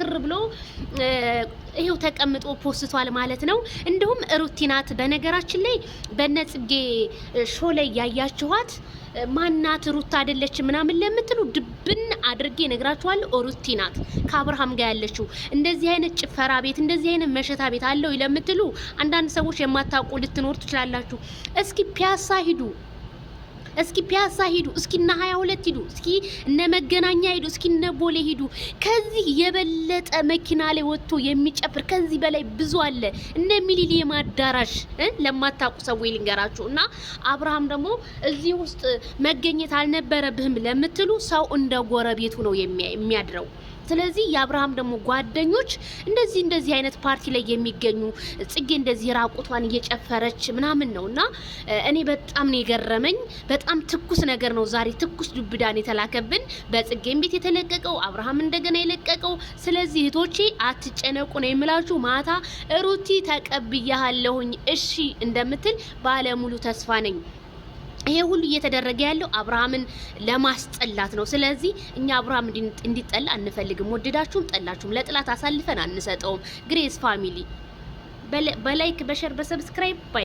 ክርክር ብሎ ይሄው ተቀምጦ ፖስቷል ማለት ነው። እንዲሁም ሩቲናት በነገራችን ላይ በነጽጌ ሾ ላይ ያያችኋት ማናት ሩት አይደለች ምናምን ለምትሉ ድብን አድርጌ እነግራችኋለሁ። ሩቲናት ከአብርሃም ጋር ያለችው እንደዚህ አይነት ጭፈራ ቤት እንደዚህ አይነት መሸታ ቤት አለው ለምትሉ አንዳንድ ሰዎች የማታውቁ ልትኖር ትችላላችሁ። እስኪ ፒያሳ ሂዱ። እስኪ ፒያሳ ሂዱ፣ እስኪ እነ ሀያ ሁለት ሂዱ፣ እስኪ እነ መገናኛ ሂዱ፣ እስኪ እነ ቦሌ ሂዱ። ከዚህ የበለጠ መኪና ላይ ወጥቶ የሚጨፍር ከዚህ በላይ ብዙ አለ። እነ ሚሊኒየም አዳራሽ ለማታውቁ ሰው ልንገራችሁ እና አብርሃም ደግሞ እዚህ ውስጥ መገኘት አልነበረብህም ለምትሉ ሰው እንደ ጎረቤቱ ነው የሚያድረው። ስለዚህ የአብርሃም ደግሞ ጓደኞች እንደዚህ እንደዚህ አይነት ፓርቲ ላይ የሚገኙ ጽጌ እንደዚህ ራቁቷን እየጨፈረች ምናምን ነው እና እኔ በጣም ነው የገረመኝ። በጣም ትኩስ ነገር ነው ዛሬ ትኩስ ዱብዳን የተላከብን በጽጌም ቤት የተለቀቀው አብርሃም እንደገና የለቀቀው። ስለዚህ እህቶቼ አትጨነቁ ነው የምላችሁ። ማታ ሩቲ ተቀብያለሁኝ እሺ እንደምትል ባለሙሉ ተስፋ ነኝ። ይሄ ሁሉ እየተደረገ ያለው አብርሃምን ለማስጠላት ነው። ስለዚህ እኛ አብርሃም እንዲጠላ አንፈልግም። ወደዳችሁም ጠላችሁም ለጥላት አሳልፈን አንሰጠውም። ግሬስ ፋሚሊ በላይክ በሸር በሰብስክራይብ